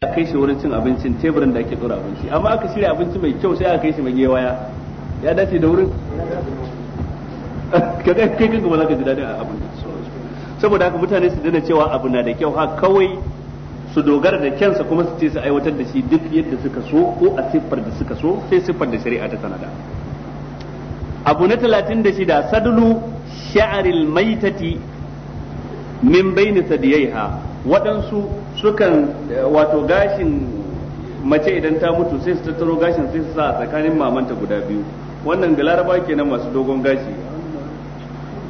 a kai shi wurin cin abincin teburin da ake dora abinci amma aka shirya abinci mai kyau sai aka kai shi mai gewaya ya dace da wurin ka kai kanka ba za ka ji daɗin abin saboda haka mutane su dana cewa abu na da kyau ha kawai su dogara da kyansa kuma su ce su aiwatar da shi duk yadda suka so ko a siffar da suka so sai siffar da shari'a ta sanada abu na talatin da shida sadulu sha'aril maitati min baini sadiyaiha waɗansu sukan eh, wato gashin mace idan ta mutu sai su tattaro gashin sai su sa a tsakanin mamanta guda biyu wannan ga laraba kenan masu dogon gashi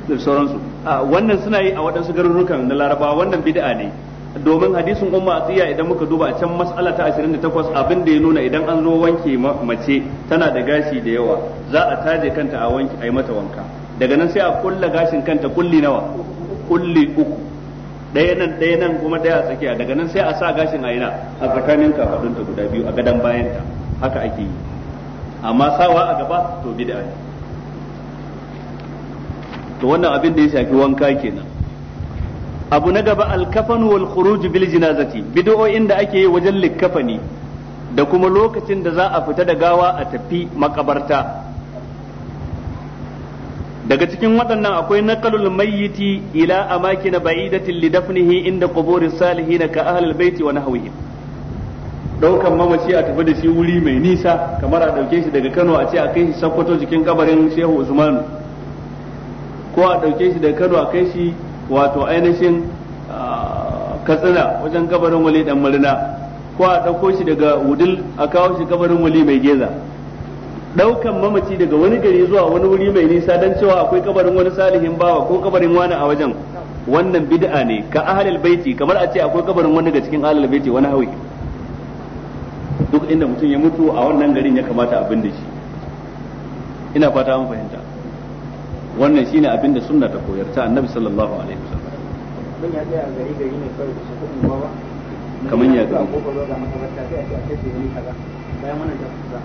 da sauransu wannan suna yi a waɗansu garurukan na laraba wannan bid'a ne domin hadisin umma tsiya idan muka duba a can mas'ala ta 28 abin da ya nuna idan an zo wanke mace tana da gashi da yawa za a taje kanta a wanke a yi mata wanka daga nan sai a kulla gashin kanta kulli nawa kulli uku ɗaya nan ɗaya nan kuma ɗaya a tsakiya daga nan sai a sa gashin a yana a tsakanin kafadunta guda biyu a gadon bayanta haka ake yi amma sawa a gaba to bid'a ne to wannan abin da ya shafi wanka kenan abu na gaba alkafan wal khuruj bil jinazati bid'o'in da ake yi wajen likkafani da kuma lokacin da za a fita da gawa a tafi makabarta daga cikin waɗannan akwai naqalul mayyiti ila amakin ba'idatin li dafnihi inda quburis salihin ka ahlul baiti wa nahwihim daukan mamaci a tafi da shi wuri mai nisa kamar a dauke shi daga Kano a ce a kai shi Sokoto jikin kabarin Shehu Usman ko a dauke shi daga Kano a kai shi wato ainihin Katsina wajen kabarin Wali dan Marina ko a dauko shi daga Wudil a kawo shi kabarin Wali mai Geza daukan mamaci daga wani gari zuwa wani wuri mai nisa dan cewa akwai kabarin wani salihin bawa ko kabarin wani a wajen wannan bid'a ne ka ahlul baiti kamar a ce akwai kabarin wani daga cikin ahlul baiti wani hawi duk inda mutum ya mutu a wannan garin ya kamata abin da shi ina fata an fahimta wannan shine abin da sunna ta koyar ta annabi sallallahu alaihi wasallam mun ya tsaya gari gari ne kawai da su kudin bawa kamar ya ga bayan wannan da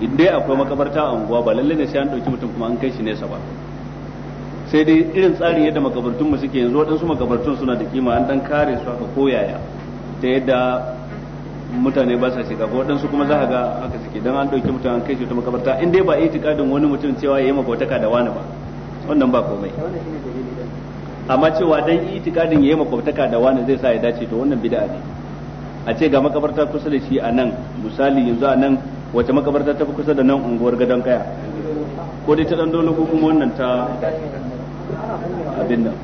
in dai akwai makabarta a unguwa ba lalle ne sai an ɗauki mutum kuma an kai shi nesa ba sai dai irin tsarin yadda makabartun mu suke yanzu waɗansu makabartun suna da kima an dan kare su haka koyaya ta yadda mutane ba sa shiga waɗansu kuma za a ga haka suke don an ɗauki mutum an kai shi ta makabarta in dai ba itikadin wani mutum cewa ya yi makautaka da wani ba wannan ba komai amma cewa dan itikadin ya yi makautaka da wani zai sa ya dace to wannan bid'a ne a ce ga makabarta kusa da shi a nan misali yanzu a nan wace makabarta ta fi kusa da nan unguwar gadon kaya ko dai ta dan dole ko kuma wannan ta abin nan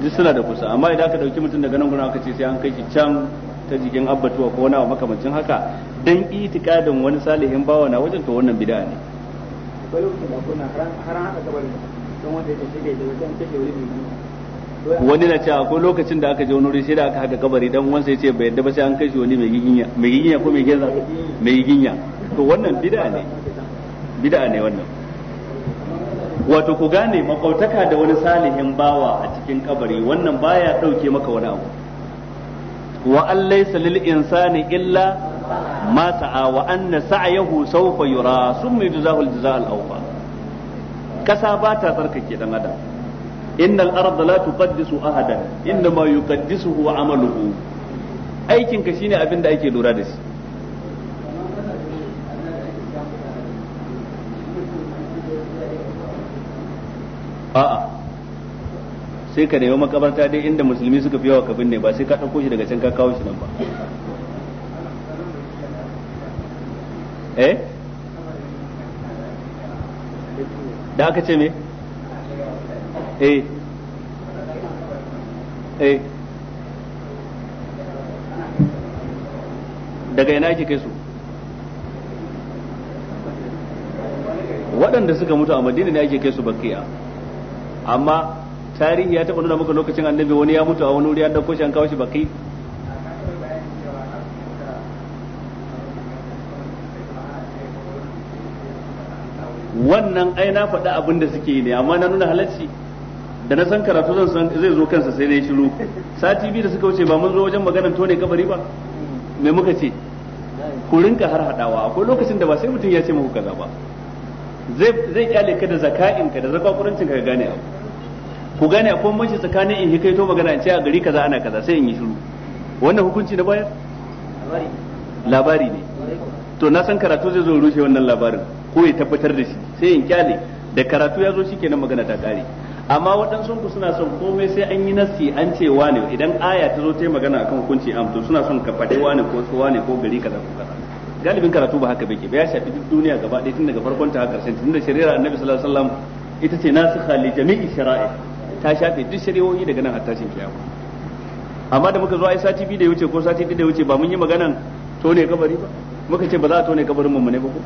duk suna da kusa amma idan aka dauki mutum daga nan gurin aka ce sai an kai shi can ta jikin abbatuwa ko wani makamancin haka dan itikadin wani salihin bawa na wajen to wannan bid'a ne akwai lokacin da kuna har har hada don wanda ya shige da wajen kashe wuri wani na cewa ko lokacin da aka je wani sai da aka haka kabari dan wansa ya ce bai yadda ba sai an kai shi wani mai giginya ko mai geza mai giginya to wannan bid'a ne bid'a ne wannan wato ku gane makautaka da wani salihin bawa a cikin kabari wannan baya dauke maka wani abu wa an laysa lil insani illa ma sa'a wa anna sa'yahu sawfa yura summa yujzahu al-jazaa al-awfa kasa ba ta tsarkake dan adam innal arda لا تقدس يقدسه عمله da ake lura da shi sai ka nemi makabarta dai inda musulmi suka fi yawa ka binne ba sai ka ɗauko shi daga can ka kawo shi ba eh da aka ce me eh eh daga ina yake kai su waɗanda suka mutu a madina ne ake kai su bakiya amma tarihi ya taɓa nuna maka lokacin annabi wani ya mutu a wani wuri an ɗauko shi an kawo shi baki wannan ai na faɗa abin da suke yi ne amma na nuna halarci da na san karatu zan san zai zo kansa sai na yi shiru sati biyu da suka wuce ba mun zo wajen maganar tone kabari ba me muka ce ku rinka har hadawa akwai lokacin da ba sai mutum ya ce muku kaza ba zai zai kyale ka da zaka'in ka da zakakurancin ka gane abu ku gane akwai mace tsakanin in hikaito magana in ce a gari kaza ana kaza sai in yi shiru wannan hukunci na bayar labari ne to na san karatu zai zo rushe wannan labarin ko ya tabbatar da shi sai in kyale da karatu ya zo shikenan magana ta kare amma waɗansu ku suna son komai sai an yi nassi an ce wane idan aya ta zo ta yi magana akan hukunci am to suna son ka faɗi wane ko su wane ko gari kaza ko kaza galibin karatu ba haka bake ba ya shafi duk duniya gaba ɗaya tun daga farkon ta haka sai tun da annabi sallallahu alaihi wasallam ita ce nasikha li jami'i shara'i ta shafe duk shari'o'i daga nan har tashin kiyama amma da muka zo ai sati biyu da wuce ko sati biyu da wuce ba mun yi maganan tone kabari ba muka ce ba za a tone kabarin mu ne ba ko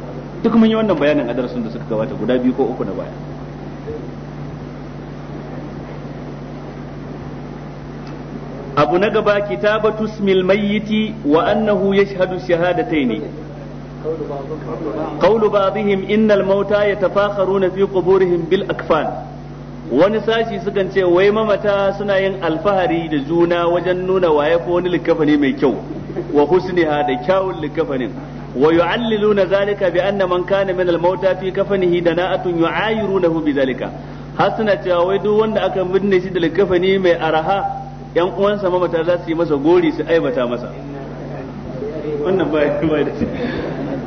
duk mun yi wannan bayanin a darasin da suka gabata guda biyu ko uku na baya abu na gaba kitabatu ismil mayyiti wa annahu yashhadu shahadataini qawlu ba'dihim innal mauta yatafakharuna fi quburihim bil akfan wani sashi sukan ce wai mamata suna yin alfahari da juna wajen nuna waye ko wani likafani mai kyau wa husniha da kyawun likafanin wa yu'alliluna zalika bi anna man kana min al-mauta fi kafanihi dana'atun yu'ayirunahu bi zalika har suna cewa wai duk wanda aka binne shi da likafani mai araha yan uwansa mamata za su yi masa gori su aibata masa wannan ba ya da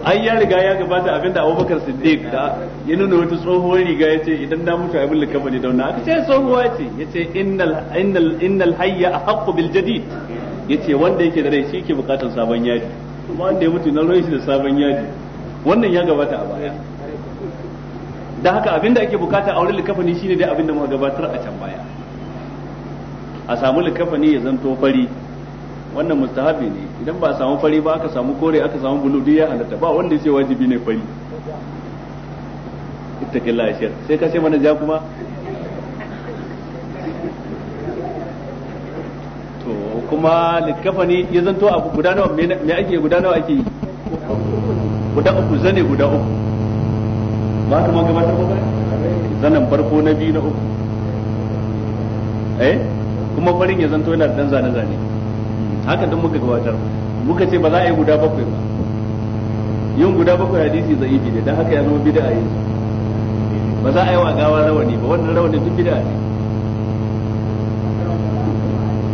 an ya riga ya gabata abinda Abubakar Siddiq da ya nuna wata tsohuwar riga ya ce idan na mutu abin likafa ne dauna aka ce tsohuwa ce ya ce innal hayya ahqqu bil jadid ya ce wanda yake da rai shi ke bukatar sabon yadi kuma wanda ya mutu na roye shi da sabon yadi wannan ya gabata a baya da haka abinda ake bukata a wurin likafani shine dai abinda muka gabatar a can baya a samu likafani ya zanto fari wannan mustahabi ne idan ba a samu fari ba aka samu kore aka samu bulu duk ya halatta ba wanda ya ce wajibi ne fari ittaqillah ya shar sai ka ce mana ja kuma to kuma likafani ya zanto abu guda nawa me ake guda nawa ake yi guda uku zane guda uku ba ka ma gabatar ba zanen farko na biyu na uku eh kuma farin ya zanto yana dan zane zane haka dan muka gabatar muka ce ba za a yi guda bakwai ba yin guda bakwai hadisi zaifi ne dan haka ya zama bid'a yanzu ba za a yi wa gawa rawani ba wannan rawani duk bid'a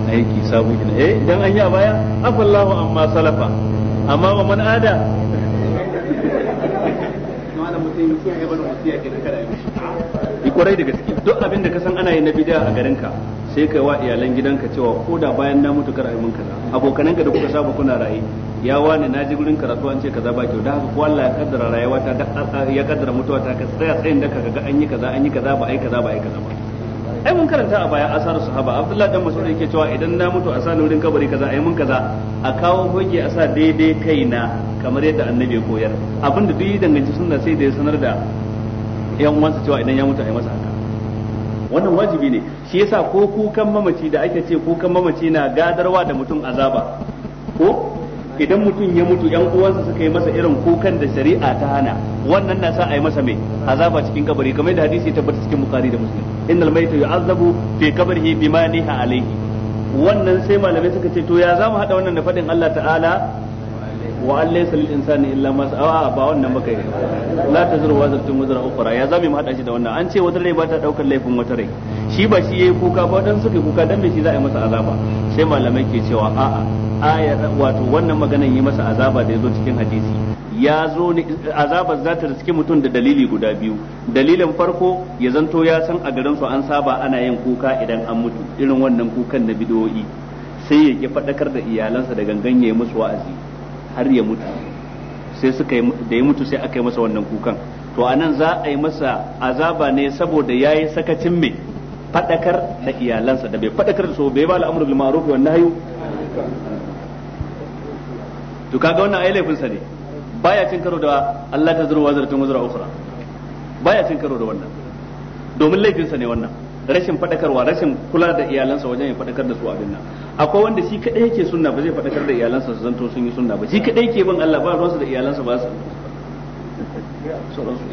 ne aiki sabu kina eh idan an yi a baya afallahu amma salafa amma wa man ada yi kwarai da gaske duk abin da ka san ana yi na bid'a a garinka sai kai wa iyalan gidanka cewa ko da bayan na mutu kar a yi mun kaza da kuka saba kuna raye ya wani na ji gurin karatu an ce kaza ba kyau da haka ko Allah ya kaddara rayuwa ta ya kaddara mutuwa ta ka tsaya tsayin da kaga an yi kaza an yi kaza ba ai kaza ba ai kaza ba ai mun karanta a baya asar sahaba Abdullahi dan Mas'ud yake cewa idan na mutu a sani wurin kabari kaza ai mun kaza a kawo hoge a sa daidai kaina kamar yadda annabi ya koyar abinda duk ya danganci sunna sai da ya sanar da yan uwansa cewa idan ya mutu ai masa haka wannan wajibi ne shi yasa ko kukan mamaci da ake ce kukan mamaci na gadarwa da mutum azaba ko idan mutum ya mutu yan uwansa suka yi masa irin kukan da shari'a ta hana wannan na sa a yi masa mai azaba cikin kabari kamar da hadisi tabbata cikin bukari da muslim innal mayta yu'azzabu fi qabrihi bima niha alayhi wannan sai malamai suka ce to ya zamu hada wannan da fadin Allah ta'ala wa an laysa lil insani illa ma sa'a ba wannan baka yi la tazru wazratun muzra ukhra ya zame mu hada da wannan an ce wata rai ba ta daukar laifin wata rai shi ba shi yayi kuka ba dan suka kuka dan me shi za a yi masa azaba sai malamai ke cewa a'a aya wato wannan maganan yi masa azaba da yazo cikin hadisi ya zo ne azabar za ta riske mutum da dalili guda biyu dalilin farko ya zanto ya san a garin su an saba ana yin kuka idan an mutu irin wannan kukan na bidoyi sai ya ki faɗakar da iyalansa da gangan ya yi musu wa'azi har ya mutu sai suka da ya mutu sai aka yi masa wannan kukan to anan za a yi masa azaba ne saboda ya yi sakacin mai fadakar da iyalansa da bai fadakar da su bai ba al'amru bil ma'ruf wa nahyu to kaga wannan ai laifin sa ne baya cin karo da Allah ta zuru wa zartun wazra ukhra baya cin karo da wannan domin laifin sa ne wannan rashin fadakarwa rashin kula da iyalansa wajen ya fadakar da su abin nan akwai wanda shi kadai yake sunna ba zai fadakar da iyalansa su zanto sun yi sunna ba shi kadai yake bin Allah ba su da iyalansa ba su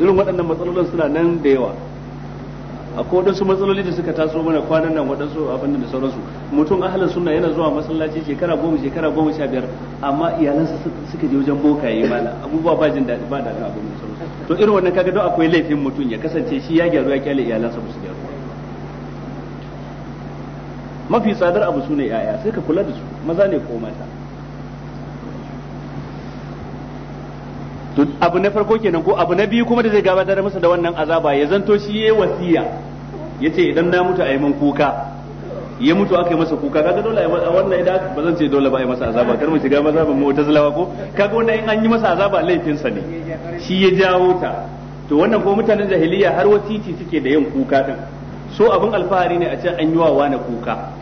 irin waɗannan matsalolin suna nan da yawa akwai waɗansu matsaloli da suka taso mana kwanan nan waɗansu abin da sauransu mutum ahalin sunna yana zuwa masallaci shekara goma shekara goma sha biyar amma iyalansa suka je wajen bokaye mala abubuwa ba jin daɗi ba da abin da sauransu to irin wannan kaga don akwai laifin mutum ya kasance shi ya gyaru ya kyale iyalansa ba su gyaru mafi tsadar abu su ne yaya sai ka kula da su maza ne ko mata abu na farko kenan ko abu na biyu kuma da zai gabatar masa da wannan azaba ya zanto shi yayi wasiya yace idan na mutu a yi kuka ya mutu aka yi masa kuka kaga dole a wannan idan ba zan ce dole ba a yi masa azaba kar mu shiga mazhabin mu'tazilawa ko kaga wannan in an yi masa azaba laifin sa ne shi ya jawo ta to wannan ko mutanen jahiliya har wasiti suke da yin kuka din so abin alfahari ne a ce an yi wa wani kuka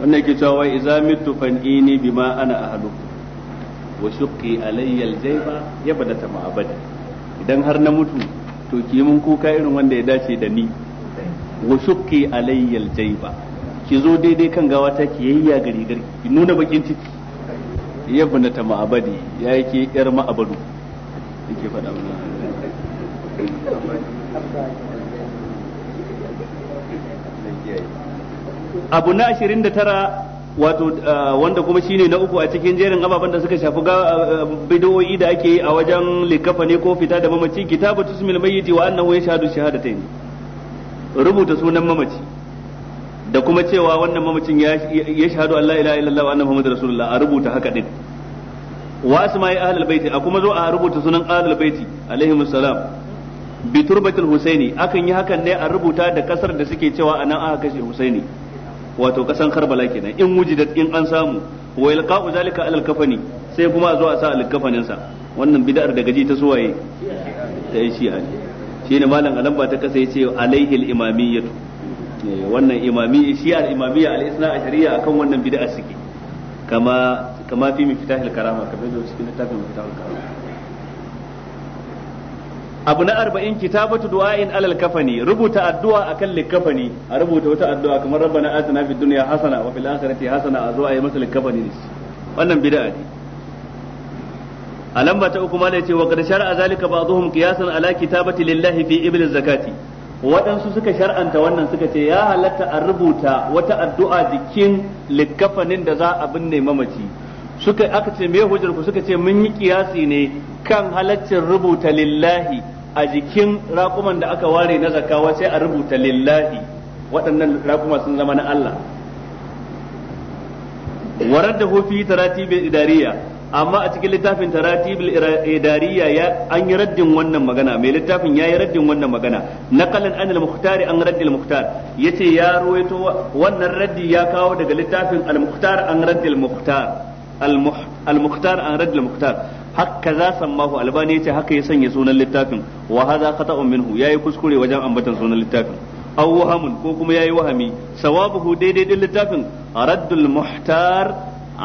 wannan ke cewa wai iza mitu fan'ini bima ana ahlu wa shuqqi alayya aljayba yabdata ma abada idan har na mutu to ki mun kuka irin wanda ya dace da ni wa shuqqi alayya aljayba ki zo daidai kan gawa ta ki yayya gari gari ki nuna bakin ciki yabdata ma abadi ya yake yar ma abadu yake faɗa mana abu na ashirin da tara wato uh, wanda kuma shine na uku a cikin jerin ababen da suka shafi uh, bidoyi da ake yi a wajen likafa ne ko fita da mamaci kitabu tusmil mayyiti wa annahu yashhadu shahadatayn rubuta sunan mamaci da kuma cewa wannan mamacin ya shahadu Allah ila illallah wa anna muhammadar rasulullah a rubuta haka din wa asma'i ahlul baiti a kuma zo a rubuta sunan ahlul baiti alaihimus salam bi turbatul husaini akan yi hakan ne a rubuta da kasar da suke cewa nan aka kashe husaini wato kasan karbala kenan in wujidat in an samu wa ilqa'u zalika alal kafani sai kuma a zo a sa alkafanin sa wannan bid'ar da gaji ta suwaye ta yi shi'a ne shine malam alamba ta kasa yace alaihi al-imamiyyatu eh, wannan imami al imamiyya al-isna ashariya akan wannan bid'a suke kama kama fi mifitahil karama kamar da cikin littafin mifitahil karama abu na arba'in kitabatu du'ain alal kafani rubuta addu'a akan likafani a rubuta wata addu'a kamar rabbana atina fid dunya hasana wa fil akhirati hasana a zo a yi masa likafani ne wannan bid'a ne a lamba ta uku malai ce wa qad shar'a zalika ba'dhum qiyasan ala kitabati lillahi fi ibil zakati waɗansu suka shar'anta wannan suka ce ya halatta a rubuta wata addu'a jikin likafanin da za a binne mamaci suka aka ce me hujjar ku suka ce mun yi kiyasi ne kan halaccin rubuta lillahi a jikin raƙuman da aka ware na zakawa sai a rubuta lillahi waɗannan raƙuma sun zama na Allah warar da hofi taratibin idariya amma a cikin littafin taratibul idariya ya an yi raddin wannan magana mai littafin ya yi raddin wannan magana naqalan an al mukhtari an raddi al-mukhtar ce ya ruwaito wannan raddi ya kawo daga littafin al-mukhtar an raddi al-mukhtar al-mukhtar an raddi al-mukhtar haka za sammahu albani ce haka ya sanya sunan littafin wa hadha khata'un minhu yayi kuskure wajen ambatan sunan littafin aw wahamun ko kuma yayi wahami sawabuhu daidai din littafin raddul muhtar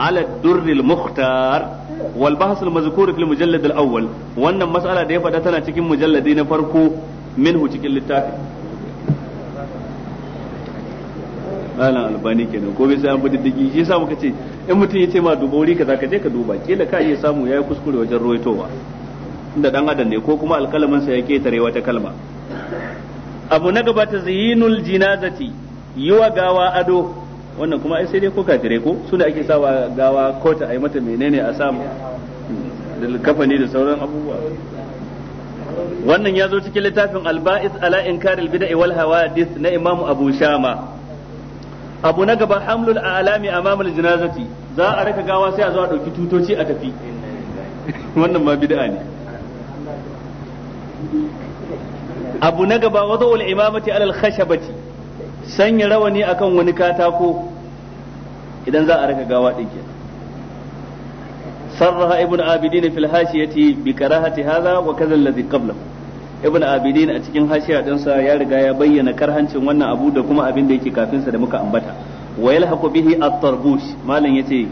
ala durril muhtar wal bahsul al mazkur fil mujallad al awwal wannan mas'ala da ya fada tana cikin mujalladi na farko minhu cikin littafin malam albani kenan ko bai sai an bi diddigi shi yasa muka ce in mutum ya ce ma duba wuri kaza ka je ka duba kila ka iya samu yayi kuskure wajen ruwaitowa inda dan adam ne ko kuma alkalamin sa ya tare wata kalma abu na gaba ta zinul jinazati yiwa gawa ado wannan kuma ai sai dai ko tare ko su da ake sawa gawa ko ta ai mata menene a samu da kafani da sauran abubuwa wannan ya zo cikin littafin alba'is ala inkaril bid'a wal hawadith na imam abu shama abu na gaba hamlul alami amamul janazati za a raka gawa sai a zo a dauki tutoci a tafi wannan ma bid'a ne abu na gaba wadawul imamati alal khashabati sanya rawani akan wani katako idan za a raka gawa din kenan sarraha ibn abidin fil hashiyati bi karahati hadha wa kaza alladhi qablahu ibn abidin a cikin hashiya dinsa ya riga ya bayyana karhancin wannan abu da kuma abin da yake kafin sa da muka ambata wa yalhaqu bihi at-tarbush malam yace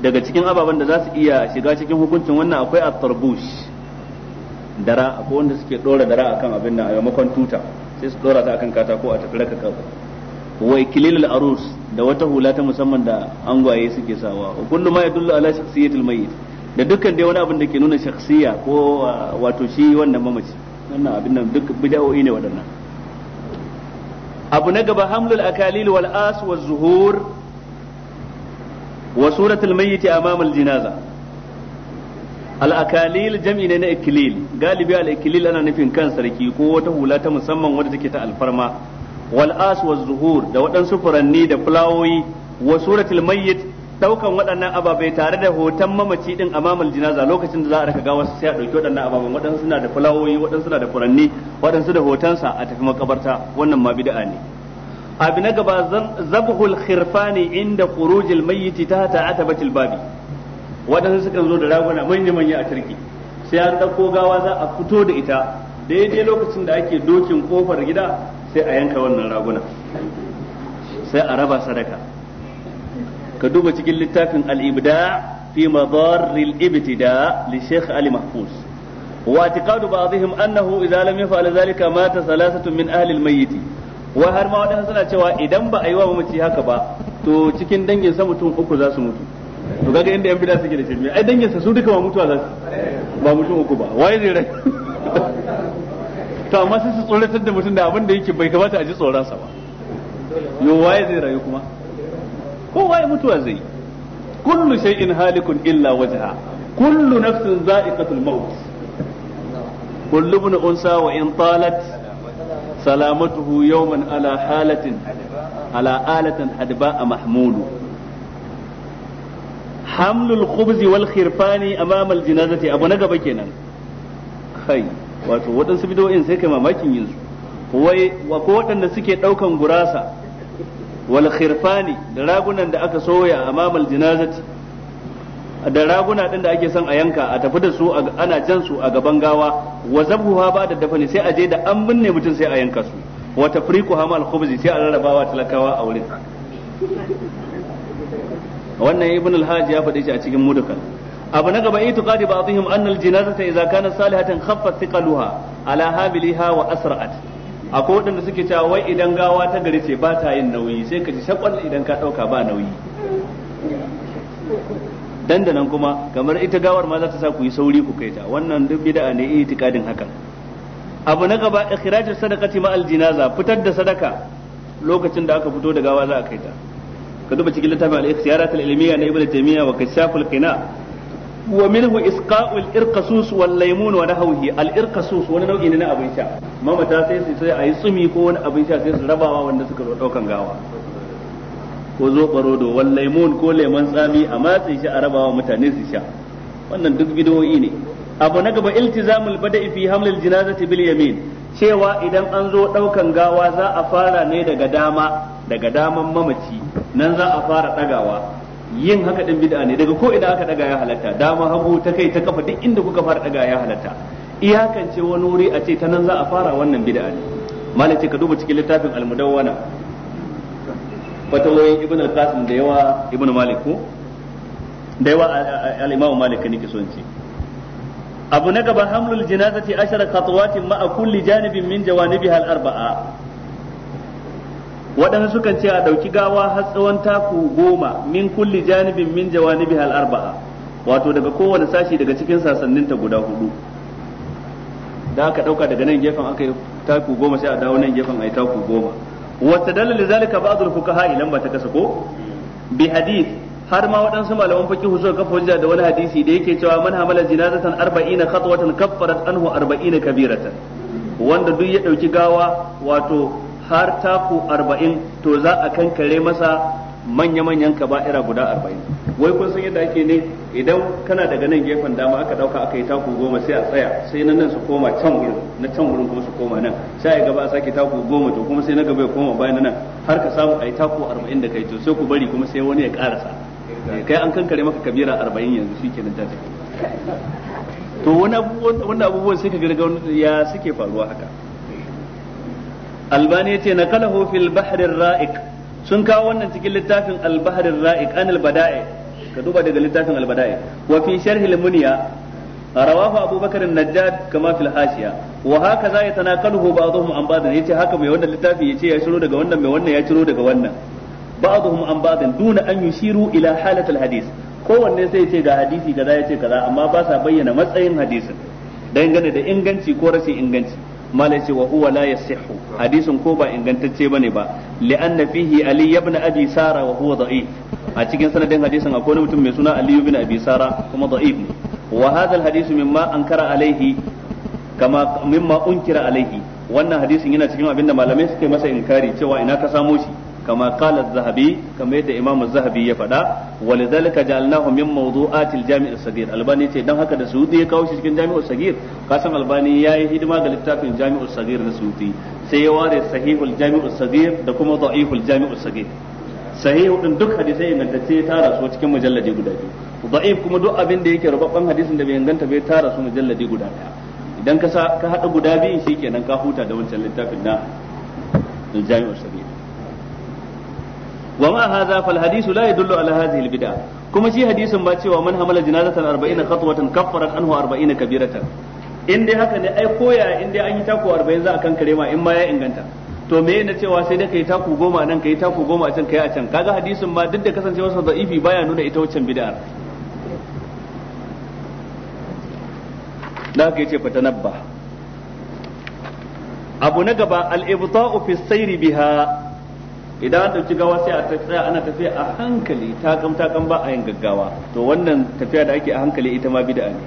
daga cikin ababen da za su iya shiga cikin hukuncin wannan akwai at-tarbush dara akwai wanda suke dora dara akan abin nan a maimakon tuta sai su dora ta akan katako a tafi raka wai wa ikililul arus da wata hula ta musamman da angwaye suke sawa wa kullu ma yadullu ala shakhsiyatil mayyit da dukkan dai wani abin da ke nuna shakhsiya ko ah, wato shi wannan mamaci wannan abin nan duk bid'o'i ne waɗannan abu na gaba hamlul akalil wal as wa zuhur wa suratul mayyit amam al jinaza al akalil jam'i ne na iklil galibi al iklil ana nufin kan sarki ko wata hula ta musamman wadda take ta alfarma wal as wa zuhur da waɗansu furanni da fulawoyi wa suratul mayyit daukan waɗannan ababai tare da hoton mamaci din mamal jinaza lokacin da za a raka gawa sai a ɗauki waɗannan ababai waɗansu suna da fulawoyi waɗansu suna da furanni waɗansu da hotonsa a tafi makabarta wannan ma bid'a ne abu na gaba zabhul khirfani inda khurujil mayyit ta ta atabatil babi waɗansu sukan zo da raguna manya manya a turki sai an ɗauko gawa za a fito da ita daidai lokacin da ake dokin kofar gida sai a yanka wannan raguna sai a raba sadaka ka duba cikin littafin al’ibda fi madarril ibtida li Sheikh Ali Mahfuz wa i'tiqadu ba'dihim annahu idza lam yaf'al dhalika mata thalathatun min ahli al-mayyit wa har ma wadannan suna cewa idan ba a yi wa mamaci haka ba to cikin dangin sa mutum uku za su mutu to kaga inda yan bida suke da shirme ai dangin sa su duka ba mutuwa za su ba mutum uku ba waye zai rai to amma sai su tsoratar da mutum da abin da yake bai kamata a ji tsoron ba yo waye zai rayu kuma kowa ya mutuwa zai kullu shay'in halikun illa wajha kullu nafsin za'iqatul maut kullu ibn unsa wa in talat salamatuhu yawman ala halatin ala alatin adba'a mahmulu hamlul khubz wal khirfani amam al janazati abu na gaba kenan kai wato waɗansu bidoyin sai kai mamakin yin su wai wa ko waɗanda suke ɗaukan gurasa wal khirfani da ragunan da aka soya a mamal jinazati da raguna din da ake son a yanka a tafi da su ana jan su a gaban gawa wa zabhuha ba da dafani sai a je da an binne mutum sai a yanka su wa tafriqu hama al khubzi sai a rarrabawa talakawa a wurin wannan ibn al haji ya faɗi shi a cikin mudukal abu na gaba itiqadi ba'dihim anna al janazata idza kanat salihatan khaffat thiqaluha ala habiliha wa asra'at akwai waɗanda suke cewa wai idan gawa ta gari ce ba ta yin nauyi sai ka ji shakwal idan ka ɗauka ba nauyi dandanan kuma kamar ita gawar ma za ta sa ku yi sauri ku kai ta wannan duk bid'a ne itikadin hakan abu na gaba ikhrajus sadaqati ma al jinaza fitar da sadaka lokacin da aka fito da gawa za a kai ta ka duba cikin littafin al ta al ilmiya na ibnu taymiya wa kashaful qina wa minhu isqa'ul irqasus wal laymun wa nahwihi al irqasus wani nau'i ne na abin sha mamata sai su sai ayi tsumi ko wani abin sha sai su rabawa wanda suka zo daukan gawa ko zo barodo wal laymun ko lemon tsami a matsayin shi a rabawa mutane su sha wannan duk bidoyi ne abu na gaba iltizamul bada'i fi hamlil janazati bil yamin cewa idan an zo daukan gawa za a fara ne daga dama daga daman mamaci nan za a fara dagawa yin haka din bid'a ne daga ko ina aka daga ya halatta dama hagu ta kai ta kafa duk inda kuka fara daga ya halatta iyakance wani wuri a ce ta nan za a fara wannan bid'a ne malam ce ka duba cikin littafin al-mudawwana ibn al-qasim da yawa ibn malik ko da yawa al-imam malik ne ke so ce abu na gaba hamlul janazati ashara khatwatin ma'a kulli janibin min jawanibiha al-arba'a waɗanda sukan ce a ɗauki gawa har tsawon taku goma min kulli janibin min jawanibi hal arba'a wato daga kowane sashi daga cikin sasannin ta guda hudu da aka ɗauka daga nan gefen aka yi taku goma sai a dawo nan gefen a yi taku goma wata dalilin zalika ba'dul ha ilan ba ta kasa ko bi hadith har ma waɗansu malaman fiqh suka kafa hujja da wani hadisi da yake cewa man hamala jinazatan 40 khatwatan kaffarat anhu na kabiratan wanda duk ya ɗauki gawa wato har taku arba'in to za a kankare masa manya-manyan kaba'ira guda arba'in wai kun san yadda ake ne idan kana daga nan gefen dama aka dauka aka yi taku goma sai a tsaya sai na nan su koma can wurin na can wurin kuma su koma nan sai a gaba a sake taku goma to kuma sai na gaba ya koma bayan nan har ka samu a yi taku arba'in da kai to sai ku bari kuma sai wani ya karasa kai an kankare maka kabira arba'in yanzu shi kenan ta to wani abubuwan sai ka ga ya suke faruwa haka albani na naqalahu fil bahr ra'ik sun kawo wannan cikin littafin al ra'ik ra'iq an al-bada'i ka duba daga littafin al-bada'i wa fi sharh al-munya rawahu abubakar an-najjad kama fil hashiya wa hakaza yatanaqaluhu ba'dhum an ba'd yace haka mai wannan littafi yace ya shiro daga wannan mai wannan ya shiro daga wannan ba'dhum an ba'd duna an yushiru ila halat al-hadith kowanne sai yace ga hadisi kaza yace kaza amma ba sa bayyana matsayin hadisin dangane da inganci ko rashin inganci mala yace wa huwa la yasihu hadisin ko ba ingantacce bane ba li'anna fihi ali ibn abi sara wa huwa da'if a cikin sanadin hadisin akwai mutum mai suna ali ibn abi sara kuma da'if ne wa hadha al-hadith mimma ankara alaihi kama mimma unkira alaihi wannan hadisin yana cikin abinda malamai suke masa inkari cewa ina ka samo shi kama qala zahabi kamar yadda imam az-zahabi ya faɗa walidhalika ja'alnahu min mawdu'ati al-jami' as albani ce dan haka da suudi ya kawo shi cikin jami' as kasan albani yayi hidima ga littafin jami' as-saghir na suudi sai ya ware sahihul jami' as da kuma da'iful jami' as sahihu din duk hadisai ingantacce ya tara su cikin mujalladi guda biyu da'if kuma duk abin da yake rubabban hadisin da bai inganta bai tara su mujalladi guda daya idan ka ka hada guda biyu shikenan ka huta da wancan littafin na al-jami' wa ma hadha fal hadisu la yadullu ala hadhihi al bid'a kuma shi hadisin ba cewa man hamala janazatan 40 khatwatan kaffarat anhu 40 kabiratan in dai haka ne ai koya inda an yi taku 40 za a kan kare ma in ma ya inganta to me ne cewa sai dai kai taku goma nan kai taku goma a can kai a can kaga hadisin ma duk da kasancewarsa da'ifi baya nuna ita waccan bid'ar da ce yace nabba. abu na gaba al-ibta'u fi sayri biha idan an dauki gawa sai a tsaya ana tafiya a hankali takam takam ba a yin gaggawa to wannan tafiya da ake a hankali ita ma bid'a ne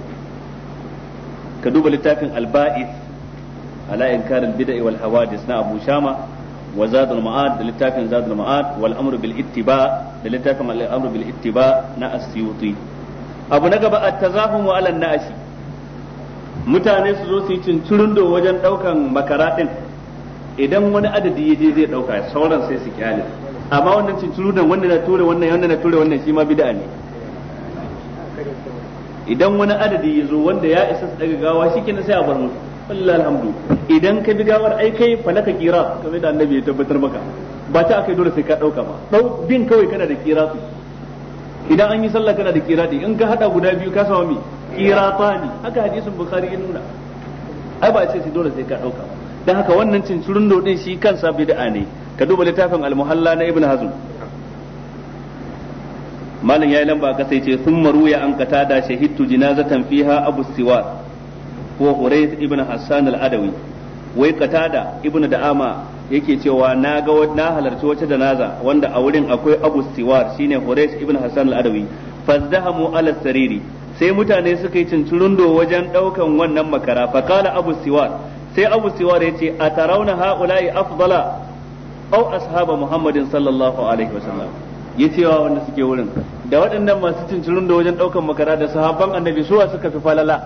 ka duba littafin al-ba'is ala inkar al-bid'a wal hawadis na Abu Shama wa zadul ma'ad da littafin zadul ma'ad wal amru bil ittiba da littafin al-amru bil ittiba na asyuti abu na gaba at tazahum ala an-nashi mutane su zo su yi cincirindo wajen daukan makara idan wani adadi ya je zai dauka sauran sai su kyale amma wannan cincirudan wannan na ture wannan wannan na ture wannan shi ma bid'a ne idan wani adadi ya zo wanda ya isa su daga gawa shi kenan sai a bar musu wallahi alhamdu idan ka bi gawar ai kai falaka kira kamar da annabi ya tabbatar maka ba ta akai dole sai ka dauka ba dau bin kawai kana da kira idan an yi sallah kana da kirati in ka hada guda biyu ka samu mi kiratani haka hadisin bukhari ya nuna ai ba ce sai dole sai ka dauka ba dan haka wannan cincirin din shi kansa bid'a ne ka duba littafin al-muhalla na ibn hazm malam yayi lamba ka sai ce thumma ruya an da shahidtu jinazatan fiha abu Siwa ko hurayth ibn hassan al-adawi wai da ibn da'ama yake cewa na ga na halarci wata janaza wanda a wurin akwai abu Siwa shine hurayth ibn hassan al-adawi fazdahamu ala sariri sai mutane suka yi cincirundo wajen daukan wannan makara fa kala abu Siwa. sai abu siwar ya ce a tarauna ha'ula'i afdala au ashaba muhammadin sallallahu alaihi wa sallam, ya ce wa wanda suke wurin da waɗannan masu cincirin da wajen ɗaukan makara da sahabban annabi suwa suka fi falala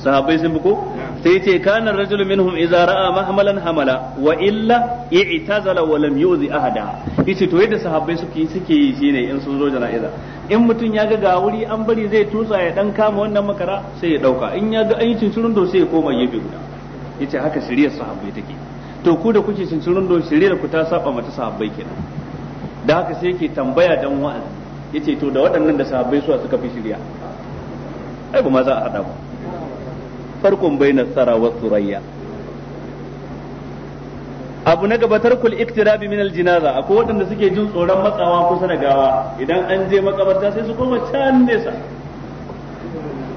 sahabbai sun fi ko sai ce kana rajulu minhum idza ra'a mahmalan hamala wa illa i'tazala wa lam yuzi ahada yace to yadda sahabbai suke suke yi shine in sun zo jana'iza in mutum ya ga ga wuri an bari zai tusa ya dan kama wannan makara sai ya dauka in ya ga an yi cincirin do sai ya koma gefe guda yace haka shiriyar sahabbai take to ku da kuke cincirin do shiriyar ku ta saba mata sahabbai kenan da haka sai yake tambaya dan wa'azi yace to da waɗannan da sahabbai suwa suka fi shiriya ai ba ma za a hada ba farkon bainas sara wa surayya abu na gaba tarkul iktirabi min aljinaza akwai waɗanda suke jin tsoron matsawa kusa da gawa idan an je makabarta sai su koma can nesa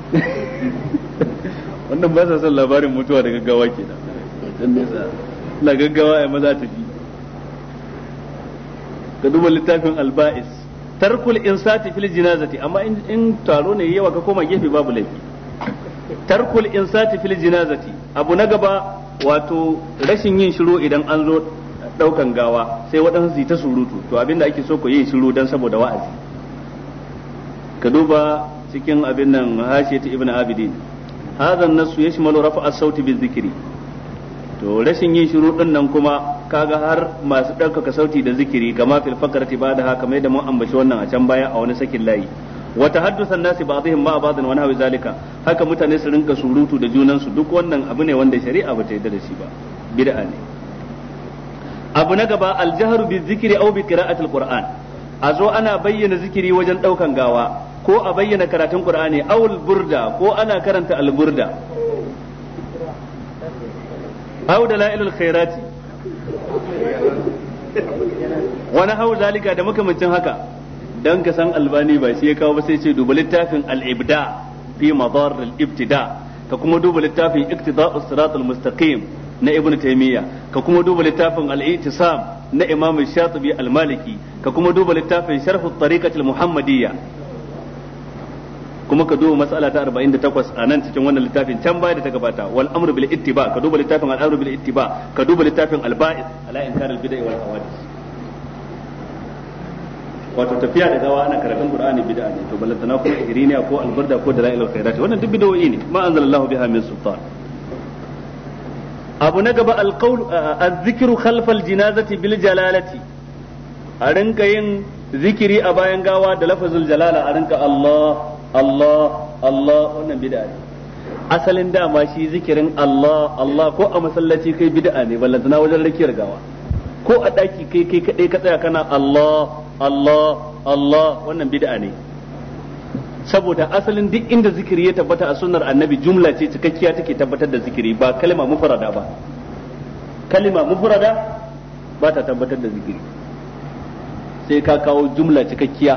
wannan ba sa son labarin mutuwa da gaggawa da, can nesa na gaggawa ai maza ta fi. ka duba littafin alba'is tarkul insati fil jinazati amma in taro ne yawa ka koma gefe babu laifi tarkul insati fil jinazati abu na gaba wato rashin yin shiru idan an zo daukan gawa sai waɗansu su ta surutu to abinda ake so ku yi shiru dan saboda wa'azi ka duba cikin abin nan hashiyatu ibnu abidin hadha an-nasu yashmalu rafa as-sauti dhikri to rashin yin shiru din nan kuma kaga har masu ɗaukaka sauti da zikiri kama fil fakarati ba da haka mai da mun ambaci wannan a can baya a wani sakin layi wa tahaddusa an-nasi ba'dihim ma'a ba'dhin wa nahwi zalika haka mutane su rinka surutu da junan su duk wannan abu ne wanda shari'a bata yi da shi ba bid'a ne abu na gaba al bi zikiri aw bi qira'ati al-qur'an a zo ana bayyana zikiri wajen daukan gawa ko a bayyana karatun qur'ani aw al-burda ko ana karanta alburda. burda aw dalail al-khairati wani hau zalika da muka mutum haka dan ka san albani ba shi ya kawo ba sai ce duba littafin al-ibda fi madar al-ibtida ka kuma duba littafin iktida'us siratal mustaqim na ibnu taymiya ka kuma duba littafin al-i'tisam na imam shatibi al-maliki ka kuma duba littafin sharh at-tariqah al-muhammadiyya kuma ka duba mas'ala ta 48 a nan cikin wannan littafin can baya da ta gabata wal amru bil ittiba ka duba littafin al-amru bil ittiba ka duba littafin al-ba'ith ala inkar al-bid'ah wal hawadith wato tafiya da gawa ana karatun qur'ani bid'a ne to ballantana ko iriniya ko albarda ko dalailul khairat wannan duk bid'o'i ne ma anzalallahu biha min sultan abu na gaba alqaul azzikru khalfal jinazati bil jalalati a rinka yin zikiri a bayan gawa da lafazul jalala a rinka Allah Allah Allah wannan bid'a ne asalin dama shi zikirin Allah Allah ko a masallaci kai bid'a ne ballantana wajen rakiyar gawa ko a daki kai kai kadai ka tsaya kana Allah Allah Allah wannan bid'a ne saboda asalin duk inda zikiri ya tabbata a sunnar annabi jumla ce cikakkiya take tabbatar da zikiri ba kalma mufrada ba kalma mufrada ba ta tabbatar da zikiri sai ka kawo jumla cikakkiya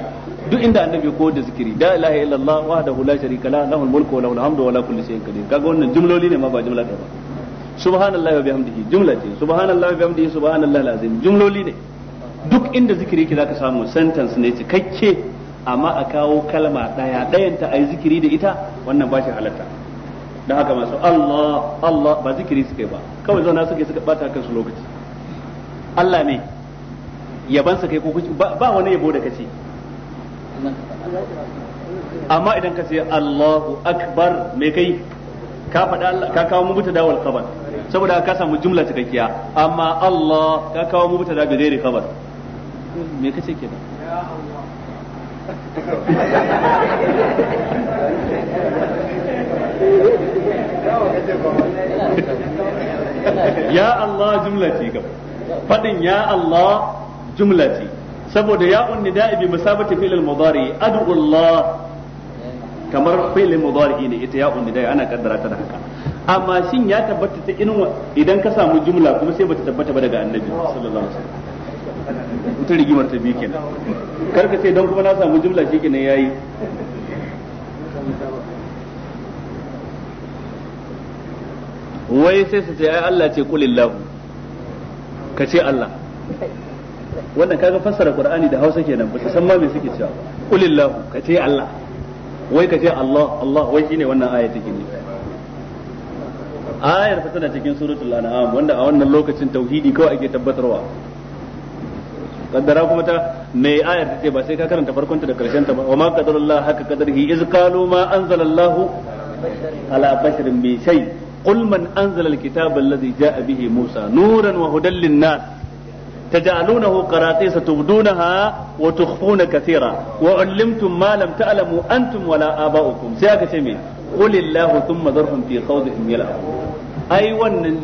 duk inda annabi ko da zikiri la ilaha illallah wahdahu la sharika la lahul mulku wa lahul hamdu wa la kulli shay'in qadir kaga wannan jumloli ne ma ba jumla ba subhanallahi wa bihamdihi jumla ce subhanallahi wa bihamdihi subhanallahi alazim jumloli ne duk inda zikiri ki zaka samu sentence ne kakke amma a kawo kalma daya dayan ta ayi zikiri da ita wannan ba shi halatta dan haka masu Allah Allah ba zikiri suke ba kawai zauna suke suka bata kansu lokaci Allah ne yabansa kai ko ba wani yabo da kace amma idan ka ce Allahu akbar me kai ka faɗa ka kawo mu mutu dawal khabar saboda ka samu jumla cikakkiya amma Allah ka kawo mubtada bi ghairi khabar me kace kenan ya Allah jumla ce gaba fadin ya Allah jumla ce saboda ya unni da'i bi musabati fi'l al-mudari ad'u Allah kamar fi'l al-mudari ne ita ya unni da'i ana kaddara ta da haka amma shin ya tabbata ta irin idan ka samu jumla kuma sai bata tabbata ba daga annabi sallallahu alaihi wasallam ita rigimar ta biyu kenan kar ka ce don kuma na samu jumla shi kenan yayi wai sai su ce ai Allah ce kulillahu ka ce Allah wannan kaga fassara Qur'ani da Hausa kenan ba san ma me suke cewa kulillahu ka ce Allah wai ka ce Allah Allah wai shine wannan aya take ne ayar ta tana cikin suratul an'am wanda a wannan lokacin tauhidi kawai ake tabbatarwa kaddara kuma ta me ayar ta ce ba sai ka karanta farkon ta da karshen ta ba wa ma qadarullah haka qadarihi iz qalu ma anzalallahu ala basharin min shay qul man anzala alkitaba alladhi jaa musa nuran wa hudan lin-nas تجعلونه قراطيس تبدونها وتخفون كثيرا وعلمتم ما لم تعلموا أنتم ولا آباؤكم سيأك قل الله ثم ذرهم في خوضهم يلعبون ai wannan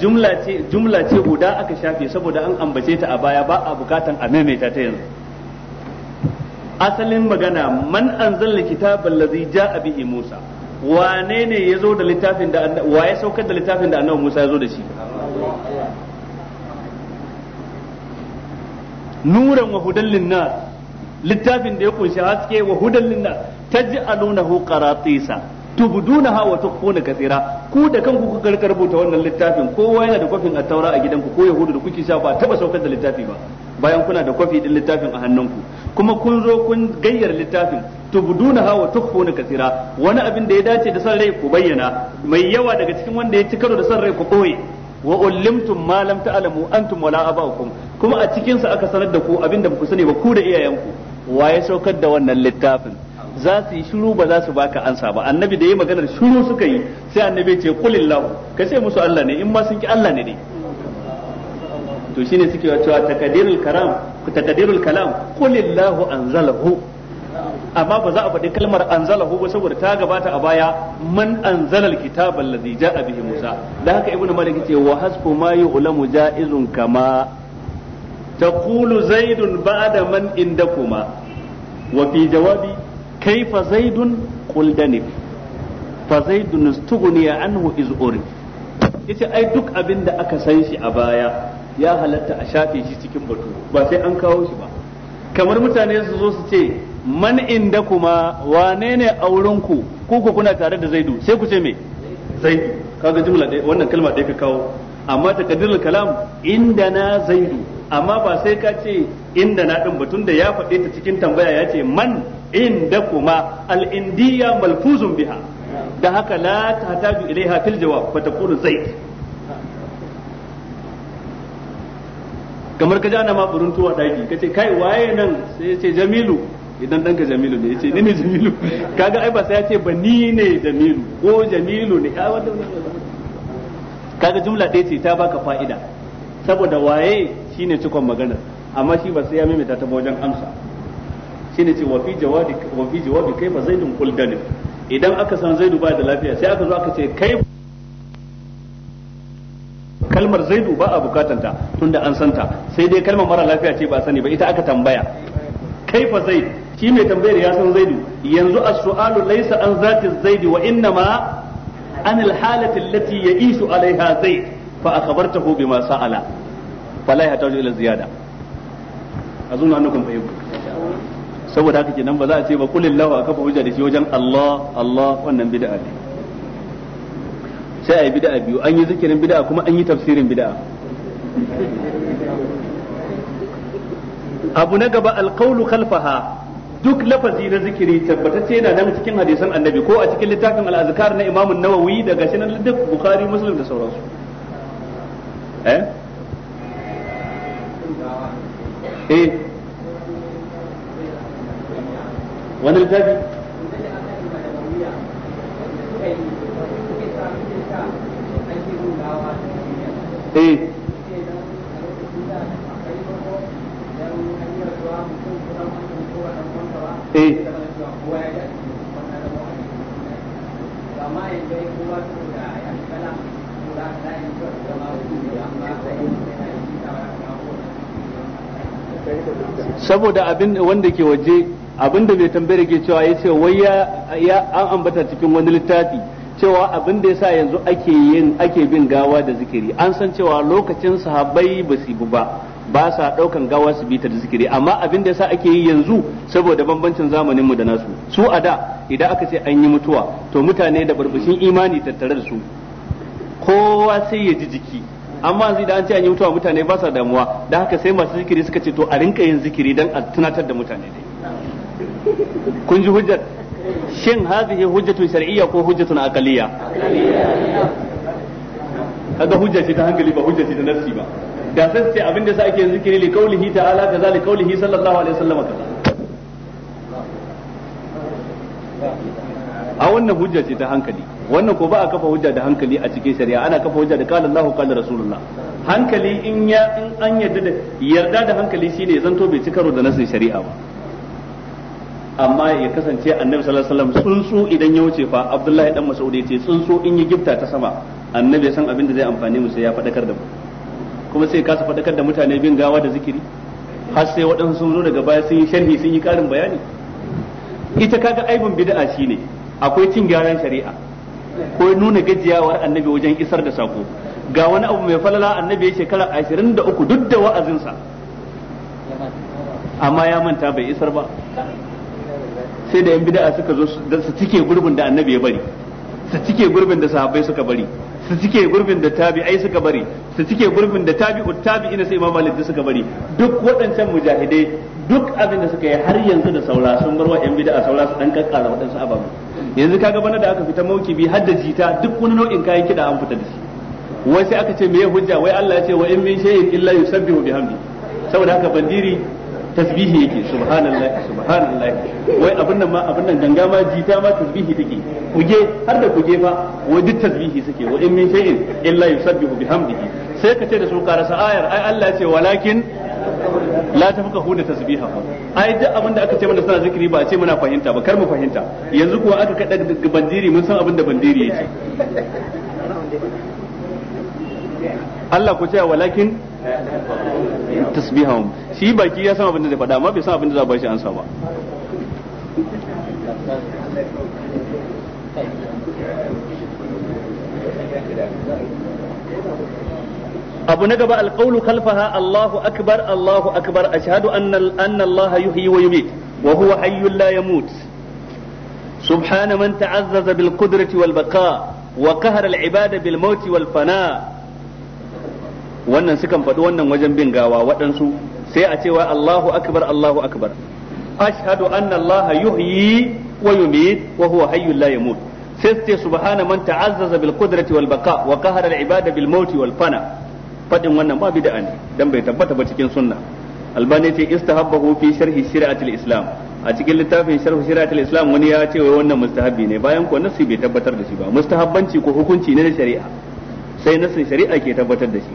jumla ce jumla ce guda aka shafe saboda an ambace ta a baya ba a bukatan a maimaita ta yanzu asalin magana man anzalna kitabal ladzi ja'a bihi Musa wane ne yazo da littafin da wa ya saukar da littafin da annabi Musa yazo da shi nuran wa hudan linnas littafin da ya kunshi haske wa hudan linnas taj'alunahu qaratisa tubdunaha wa tukhuna kathira ku da kanku kuka karkar rubuta wannan littafin kowa yana da kofin taura a gidanku ko yahudu da kuke sha ba taba saukar da littafi ba bayan kuna da kofi din littafin a hannunku kuma kun zo kun gayyar littafin tubduna hawa tukhfuna kasira wani abin da ya dace da san rai ku bayyana mai yawa daga cikin wanda ya ci karo da san rai ku boye wa ullimtum ma lam ta'lamu antum wala aba'ukum kuma a cikin sa aka sanar da ku abin da ba ku sani ba ku da iyayenku waye saukar da wannan littafin za su yi shiru ba za su baka ansa ba annabi da yi maganar shiru suka yi sai annabi ce kulillahu ka ce musu Allah ne in ma sun ki Allah ne ne to shine suke cewa takadirul karam takadirul kalam kulillahu anzalahu amma ba za a faɗi kalmar anzalahu ba saboda ta gabata a baya man anzalal kitaba allazi ja'a bihi Musa dan haka ibnu malik ce wa hasbu ma yu'lamu ja'izun kama Takulu zaidun ba'da man inda kuma wafi jawabi Kai zaidun qul danif fa zaidun istughniya anhu iz urif yace ai duk abin da aka san shi a baya ya halatta a shafe shi cikin batu ba sai an kawo shi ba kamar mutane su zo su ce man inda kuma wane ne a ku ku kuna tare da zaidu sai ku ce me zaidu kaga jumla ɗaya wannan kalma ɗaya ka kawo amma takaddirul kalam inda na zaidu amma ba sai ka ce inda na ɗin batun da ya faɗe ta cikin tambaya ya ce man inda kuma Al'indiya malfuzun biha da haka la tahtaju ilai hafil jawab ta kuru zai. kamar ka jana ma ɗaki ka ce kai waye nan sai ya ce jamilu idan danka jamilu ne ya ni ne jamilu kaga ai ba sai ya ce ba ni ne jamilu ko jamilu ne ya wata kaga jumla ɗaya ce ta baka fa'ida saboda waye Shi ne cikon maganar amma shi ba sai ya mimita ta wajen amsa Shi ne ce wa fi jawabi wa ba jawabi kaifa zaidun quldan idan aka san zaidu ba da lafiya sai aka zo aka ce kai kalmar zaidu ba a bukatanta tunda an santa sai dai kalmar mara lafiya ce ba sani ba ita aka tambaya kaifa zaid shi mai tambayar ya san zaidu yanzu as-su'alu laysa an zati zaidi wa inna ma an al-halati allati ya'ishu alaiha zaid fa akhbartahu bima sa'ala fala ya tawo ila ziyada azuna annakum fa yakun saboda haka kenan ba za a ce ba kulillahu a kafa hujja da shi wajen Allah Allah wannan bid'a ne sai a yi bid'a biyu an yi zikirin bid'a kuma an yi tafsirin bid'a abu na gaba alqawlu khalfaha duk lafazi na zikiri tabbatacce yana nan cikin hadisan annabi ko a cikin littafin al-azkar na imamun nawawi daga shi nan duk bukhari muslim da sauransu eh eh wani littafi eh eh saboda abin wanda ke waje abin da bai tambaye ke cewa ya ce wai ya an ambata cikin wani littafi cewa abin da yasa yanzu ake yin ake bin gawa da zikiri an san cewa lokacin sahabbai ba su ba ba sa daukan gawa su bita da zikiri amma abin da yasa ake yi yanzu saboda bambancin zamanin mu da nasu su a da idan aka ce an yi mutuwa to mutane da barbashin imani tattare da su kowa sai ya ji jiki amma yanzu da an ce an yi mutuwa mutane ba sa damuwa da haka sai masu zikiri suka ce to a rinka yin zikiri dan a tunatar da mutane dai kun ji hujjar shin hadhihi hujjatu shar'iyya ko hujjatun aqaliyya kaga hujja ce ta hankali ba hujja ce ta nafsi ba da sai ce abin da sa ake yin zikiri li qaulihi ta'ala ka zalika qaulihi sallallahu alaihi wasallam ka a wannan hujja ce ta hankali wannan ko ba a kafa hujja da hankali a cikin shari'a ana kafa hujja da qala Allahu qala Rasulullah hankali in ya in an yarda da yarda da hankali shine zanto bai cika da nasin shari'a ba amma ya kasance annabi sallallahu alaihi wasallam tsuntsu idan ya wuce fa Abdullahi dan Mas'ud ya ce tsuntsu in ya gifta ta sama annabi ya san abin da zai amfane mu sai ya fadakar da mu kuma sai kasa fadakar da mutane bin gawa da zikiri har sai waɗansu sun zo daga baya sun yi sharhi sun yi karin bayani ita kaga aibin bid'a shine akwai cin gyaran shari'a ko nuna gajiyawar annabi wajen isar da sako ga wani abu mai falala annabi ya shekara 23 duk da wa'azinsa amma ya manta bai isar ba sai da yan bid'a suka zo su cike gurbin da annabi ya bari su cike gurbin da sahabbai suka bari su cike gurbin da tabi'ai suka bari su cike gurbin da tabi'u tabi'ina sai imam malik suka bari duk waɗancan mujahidai duk abin da suka yi har yanzu da saura sun bar wa yan bid'a saura su dan kakkara waɗansu ababen yanzu ga bana da aka fita maukibi har da jita duk wani nau'in kayan kida an fita da shi wai sai aka ce me hujja wai Allah ya ce wa in min shay'in illa yusabbihu bihamdi saboda haka bandiri tasbihi yake subhanallahi subhanallahi wai abin nan ma abin nan ganga ma jita ma tasbihi take kuge har da kuge fa wai duk tasbihi suke wa in min shay'in illa yusabbihu bihamdihi sai ka ce da su karasa ayar ai Allah ya ce walakin la tafqahuna tasbiha ai duk abin da aka ce mana suna zikiri ba a ce muna fahimta ba kar mu fahimta yanzu kuwa aka kada bandiri mun san abin da bandiri yake Allah ku ce walakin tasbihahum shi baki ya san abin da zai faɗa amma bai san abin da za a bashi ansa ba abu na gaba alqawlu khalfaha Allahu akbar Allahu akbar ashhadu anna Allah yuhyi wa yumiit wa huwa hayyul la yamut subhana man ta'azzaza bil qudrati wal baqa wa qahara al ibada bil maut wal fana wannan sukan faɗi wannan wajen bin gawa waɗansu sai a cewa Allahu akbar Allahu akbar ashhadu anna Allah yuhyi wa yumiit wa huwa hayyul la yamut sai subhana man ta'azzaza bil qudrati wal baqa wa qahara al ibada bil maut wal fana fadin wannan ba bid'a ne dan bai tabbata ba cikin sunna albani ce istahabbahu fi sharhi shari'atul islam a cikin littafin sharhi shari'atul islam wani ya ce wai wannan mustahabi ne bayan ko nasu bai tabbatar da shi ba mustahabbanci ko hukunci ne na shari'a sai nasin shari'a ke tabbatar da shi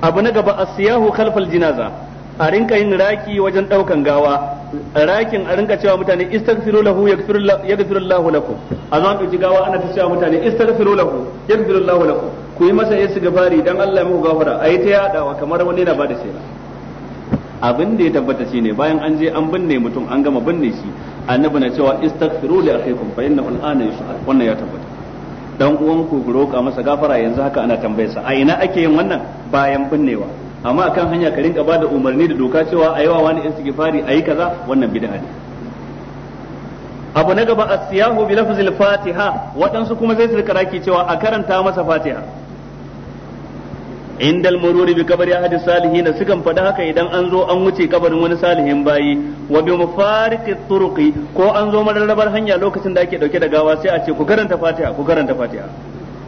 abu na gaba asiyahu khalfal jinaza a rinka yin raki wajen daukan gawa rakin a rinka cewa mutane istaghfiru lahu yaghfiru lahu lakum a zan gawa ana ta cewa mutane istaghfiru lahu yaghfiru lahu lakum ku yi masa istighfari dan Allah ya muku gafara ayi ta yadawa kamar wani na bada shela abin da ya tabbata shi ne bayan an je an binne mutum an gama binne shi annabi na cewa istaghfiru li akhikum fa innahu al'ana yus'al wannan ya tabbata dan uwan ku roka masa gafara yanzu haka ana tambayar sa a ina ake yin wannan bayan binnewa amma akan hanya ka rinka bada umarni da doka cewa ayi wa wani istighfari ayi kaza wannan bid'a ne abu na gaba asiyahu bi lafzil fatiha waɗansu kuma zai su raki cewa a karanta masa fatiha indal mururi bi kabari ahadi salihin sukan faɗi haka idan an zo an wuce kabarin wani salihin bayi wa bi mufariqi turuqi ko an zo mararrabar hanya lokacin da ake dauke da gawa sai a ce ku karanta fatiha ku karanta fatiha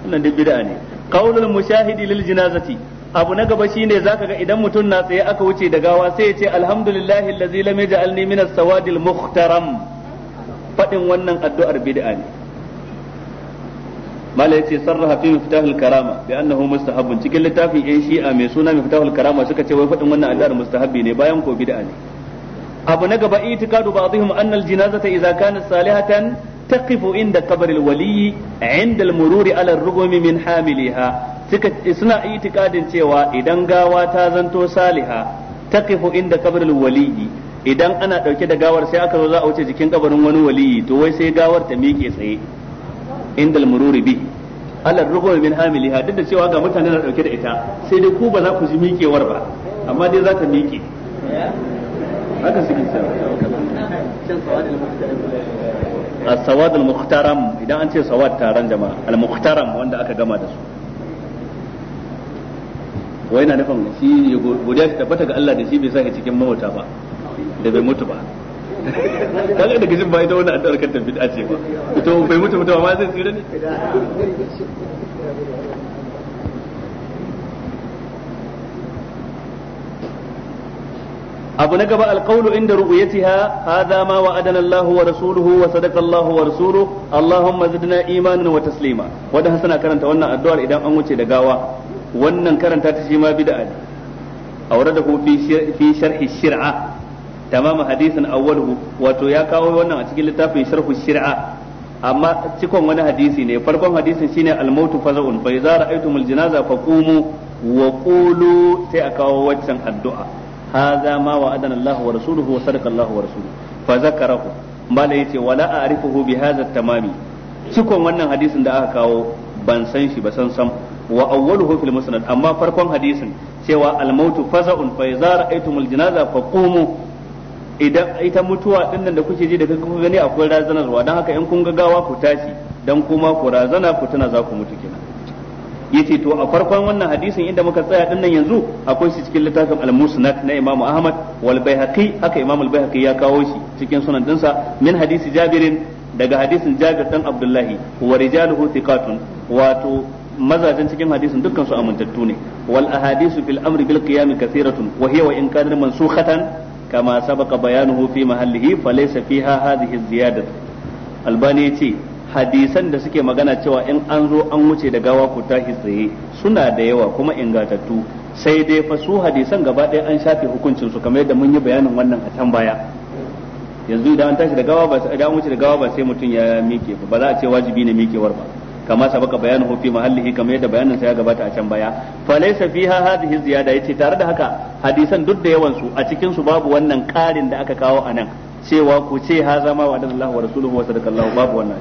wannan duk bid'a ne qaulul mushahidi lil janazati abu na gaba shine zaka ga idan mutum na tsaye aka wuce da gawa sai ya ce alhamdulillahi allazi lam yaj'alni min as-sawadil muhtaram fadin wannan addu'ar bid'a ne mala ce sarraha fi miftahul karama bi annahu mustahabun cikin littafin yan shi'a mai suna miftahul karama suka ce wai fadin wannan addu'ar mustahabi ne bayan ko bid'a ne abu na gaba itikadu ba'dihim anna al-janazata idza kanat salihatan taqifu inda qabr al-wali inda al-mururi ala ar-rugumi min hamiliha suka suna itikadin cewa idan gawa ta zanto saliha taqifu inda qabr al-wali idan ana dauke da gawar sai aka zo za a wuce jikin kabarin wani waliyi to wai sai gawar ta miƙe tsaye indal mururi bi Allah rubu min hamiliha duk da cewa ga mutane na dauke da ita sai dai ku ba za ku ji miƙewar ba amma dai za ta miƙe haka suke cewa as-sawad al-mukhtaram idan an ce sawad taron jama'a al wanda aka gama da su wai na nufin shi godiya ta tabbata ga Allah da shi bai sa cikin mawata ba da bai mutu ba kaga daga jin ba ita wani addu'ar kan tafi a ce ba to bai mutu mutu ba zai tsira ne abu na gaba alqawlu inda ru'yatiha hadha ma wa'adana Allah wa rasuluhu wa sadaqa Allah wa rasuluhu Allahumma zidna imanan wa taslima wanda hasana karanta wannan addu'ar idan an wuce da gawa wannan karanta ta shi ma bid'a ne ku fi sharhi shir'a tamamu hadisin awwaluhu wato ya kawo wannan a cikin littafin sharhu shir'a amma cikon wani hadisi ne farkon hadisin shine al-mautu faza'un fa idza ra'aytumul janaza faqumu wa qulu sai a kawo waccan addu'a hadha ma wa'adana Allah wa rasuluhu wa sadaqa Allah wa rasuluhu fa zakarahu mala yace wala bi cikon wannan hadisin da aka kawo ban san ba san san wa awwaluhu fil musnad amma farkon hadisin cewa al-mautu faza'un fa idza ra'aytumul janaza faqumu idan ita mutuwa din nan da kuke ji da kuka gani akwai razanarwa dan haka in kun ga gawa ku tashi dan kuma ku razana ku tana za ku mutu kenan yace to a farkon wannan hadisin inda muka tsaya din yanzu akwai shi cikin littafin al-musnad na Imam Ahmad wal Baihaqi haka Imam al-Baihaqi ya kawo shi cikin sunan dinsa min hadisi Jabirin daga hadisin Jabir dan Abdullahi wa rijaluhu thiqatun wato mazajen cikin hadisin dukkan su amintattu ne wal ahadisu fil amri bil qiyam kathiratun wa hiya wa in kana mansukhatan كما سبق بيانه في محله فليس فيها هذه الزيادة الباني تي hadisan da suke magana cewa in an zo an wuce da gawa ku tashi tsaye suna da yawa kuma ingantattu sai dai fa su hadisan gaba ɗaya an shafe hukuncin su kamar yadda mun yi bayanin wannan a can baya yanzu idan an tashi da gawa ba idan an wuce da gawa ba sai mutum ya mike ba za a ce wajibi ne mikewar ba kama sabaka bayanin fi mahallihi kamar yadda bayanin sa ya gabata a can baya fa laysa fiha hadhihi ziyada yace tare da haka hadisan duk da yawan su a cikin su babu wannan karin da aka kawo anan cewa ku ce ha zama wa Allah wa rasuluhu wa sadakallahu babu wannan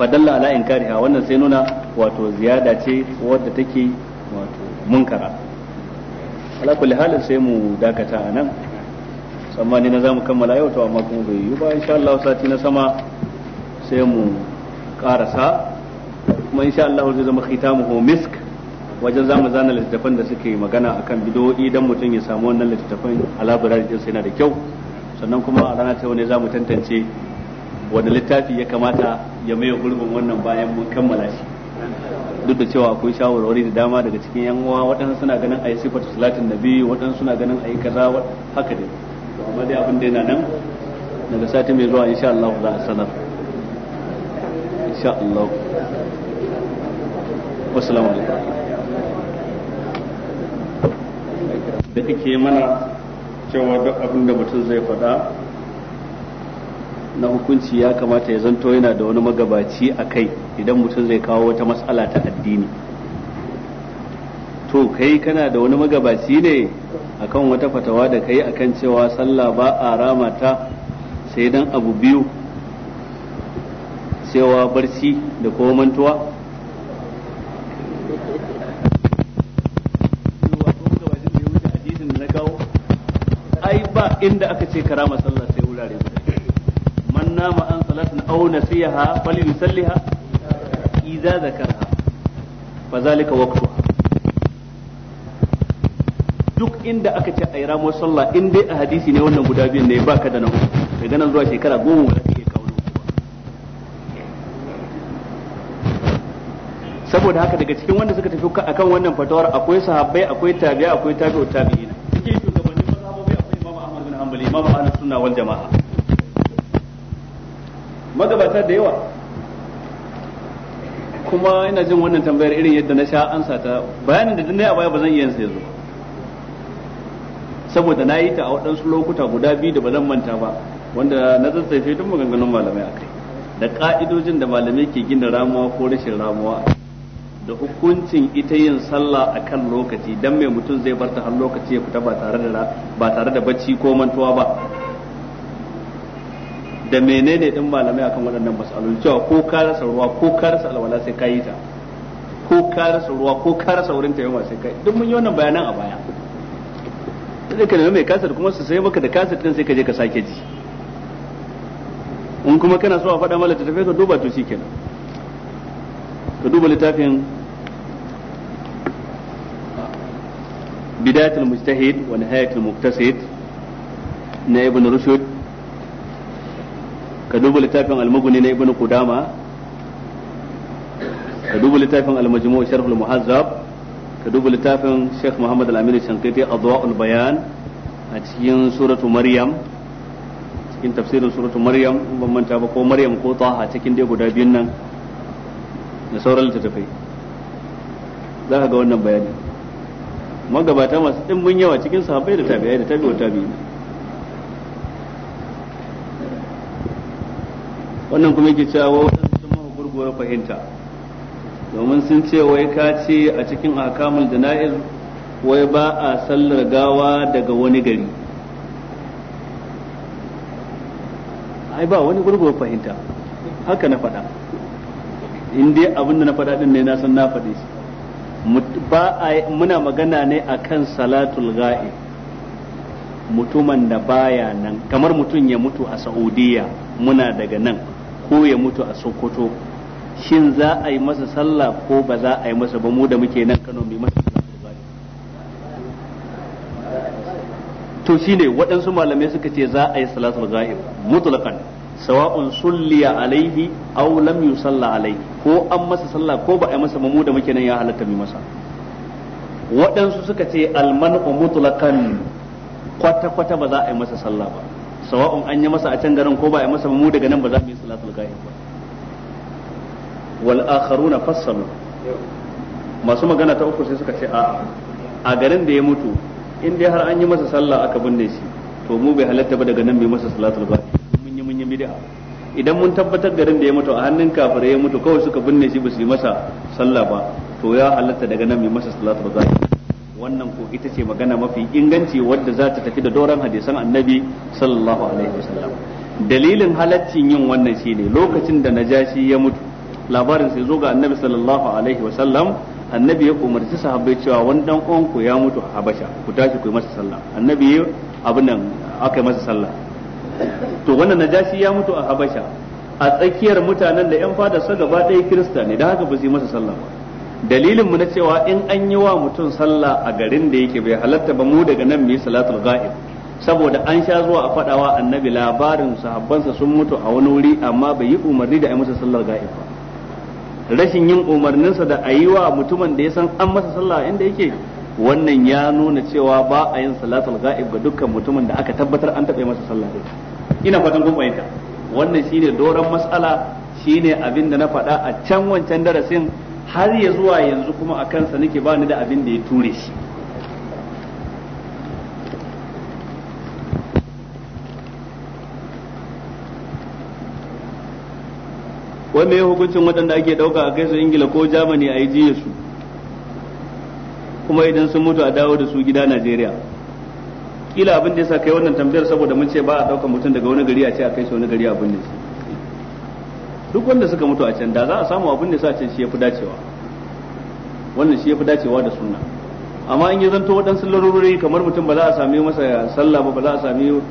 fa dalla ala inkariha wannan sai nuna wato ziyada ce wadda take wato munkara ala kulli halin sai mu dakata anan tsammani na zamu kammala yau to amma kuma bai yi ba insha Allah sati na sama sai mu karasa kuma insha Allah zai zama khitamuhu misk wajen zamu zana littattafan da suke magana akan bidoyi dan mutum ya samu wannan littattafan a library din sai yana da kyau sannan kuma a rana ta wani zamu tantance wani littafi ya kamata ya mai gurbin wannan bayan mun kammala shi duk da cewa akwai shawarwari da dama daga cikin yan uwa waɗansu suna ganin ayi sifatu salatin nabi waɗansu suna ganin ayi kaza haka dai amma dai abin da yana nan daga sati mai zuwa insha Allah za a sanar شاء الله والسلام عليكم da kake mana cewa duk abin da mutum zai faɗa na hukunci ya kamata ya zanto yana da wani magabaci a kai idan mutum zai kawo wata matsala ta addini to kai kana da wani magabaci ne akan wata fatawa da kai akan cewa sallah ba a ta sai dan abu biyu cewa barci da kuma mantuwa ai ba inda aka ce karama sallah sai wurare guda man nama an salatin au nasiha fal yusalliha idza zakarha fa zalika waqtu duk inda aka ce ai ramo sallah in dai a hadisi ne wannan guda biyan ne ba ka da nan daga nan zuwa shekara goma saboda haka daga cikin wanda suka tafi akan wannan fatawar akwai sahabbai akwai tabi'a akwai tabi'u tabi'ina cikin shugabannin mazhabobi akwai Imam Ahmad bin Hanbali Imam Ahlus Sunna wal Jama'a magabata da yawa kuma ina jin wannan tambayar irin yadda na sha ansa ta bayanin da dinai a baya ba zan iya yansa yanzu saboda na yi ta a waɗansu lokuta guda biyu da ba zan manta ba wanda na zazzaife tun maganganun malamai a kai da ka'idojin da malamai ke gina ramuwa ko rashin ramuwa a kai da hukuncin ita yin sallah a kan lokaci don mai mutum zai barta har lokaci ya fita ba tare da ba tare da bacci ko mantuwa ba da menene din malamai akan waɗannan masalolin cewa ko ka rasa ruwa ko ka rasa alwala sai ka yi ta ko ka rasa ruwa ko ka rasa wurin ta yawa sai kai duk mun yi wannan bayanan a baya sai ka nemi mai kasar kuma su sai maka da kasar din sai ka je ka sake ji in kuma kana so a faɗa mala ta tafi ka duba to shikenan ka duba littafin بداية المجتهد ونهاية المقتصد نائب رشد كدوب لتافن المغني نائب قدامة كدوب لتافن المجموع شرف المهذب كدوب لتافن شيخ محمد الأمير الشنقيطي أضواء البيان أتسين سورة مريم أتسين تفسير سورة مريم ومن تابقوا مريم قوة طاها أتسين ديو نصور لتتفي ذاك قولنا بيانين magabata masu ɗimbin yawa cikin sahabbai da tabi'ai da tabi'u tabi'in wannan kuma yake cewa wadansu sun mahu gurguwar fahimta domin sun ce wai ka ce a cikin akamul jana'ir wai ba a sallar gawa daga wani gari ai ba wani gurguwar fahimta haka na faɗa in dai abin da na faɗa ɗin ne na san na faɗi shi muna magana ne a kan salatul ga'i mutumin da baya nan kamar mutum ya mutu a saudiya muna daga nan ko ya mutu a sokoto shin za a yi masa sallah ko ba za a yi masa ba mu da muke nan kano mai masa to shine waɗansu malamai suka ce za a yi salatul ga'i mutlaqan sawa'un sulliya alaihi aw lam yusalla alaihi ko an masa sallah ko ba a masa mamu da muke nan ya halatta mai masa waɗansu suka ce alman mutlaqan kwata kwata ba za a yi masa sallah ba sawa'un an yi masa a can garin ko ba a yi masa mamu daga nan ba za mu yi salatul ghaib ba wal akharuna fassalu masu magana ta uku sai suka ce a'a a garin da ya mutu in dai har an yi masa sallah aka binne shi to mu bai halatta ba daga nan bai masa salatul ghaib bid'a idan mun tabbatar garin da ya mutu a hannun kafare ya mutu kawai suka binne shi ba su yi masa sallah ba to ya halatta daga nan mai masa salatu ba wannan ko ita ce magana mafi inganci wadda za ta tafi da doron hadisan annabi sallallahu alaihi wasallam dalilin halaccin yin wannan shine lokacin da najashi ya mutu labarin sai zo ga annabi sallallahu alaihi wasallam annabi ya umarci sahabbai cewa wannan dan uwanku ya mutu a habasha ku tashi ku yi masa sallah annabi abin nan aka yi masa sallah to wannan najashi ya mutu a habasha a tsakiyar mutanen da yan fada sa gaba ɗaya kirista ne da haka ba su yi masa sallah ba dalilin mu na cewa in an yi wa mutum sallah a garin da yake bai halatta ba mu daga nan mu yi salatul ghaib saboda an sha zuwa a fadawa annabi labarin sahabbansa sun mutu a wani wuri amma bai yi umarni da a yi masa sallar ghaib ba rashin yin umarninsa da a yi wa mutumin da ya san an masa sallah inda yake wannan ya nuna cewa ba a yin salatul ga'ib ga dukkan mutumin da aka tabbatar an taɓa masa sallah ina fatan kun fahimta wannan shine doran mas'ala shine abin da na faɗa a can wancan darasin har ya zuwa yanzu kuma a kansa nake ba ni da abin da ya ture shi wai ya hukuncin waɗanda ake ɗauka a kai su ingila ko jamani a yi jiya su kuma idan sun mutu a dawo da su gida Najeriya kila abin da yasa kai wannan tambayar saboda mun ce ba a daukar mutum daga wani gari a ce a kai shi wani gari abin ne duk wanda suka mutu a can da za a samu abin da yasa a ce shi fi dacewa wannan shi ya fi dacewa da sunna amma in ya zanto waɗansu larurori kamar mutum ba za a sami masa sallah ba ba za a sami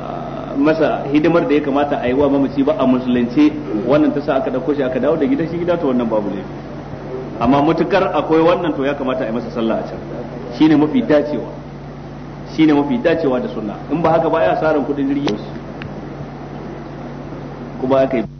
ah, masa hidimar da ya kamata a yi wa mamaci ba a musulunce wannan ta sa aka ɗauko shi aka dawo da gida shi gida to wannan babu laifi amma mutukar akwai wannan to ya kamata a yi masa sallah a can shine mafi dacewa shine mafi dacewa da sunna in ba haka ba ya sarin kudin jirgi kuma aka yi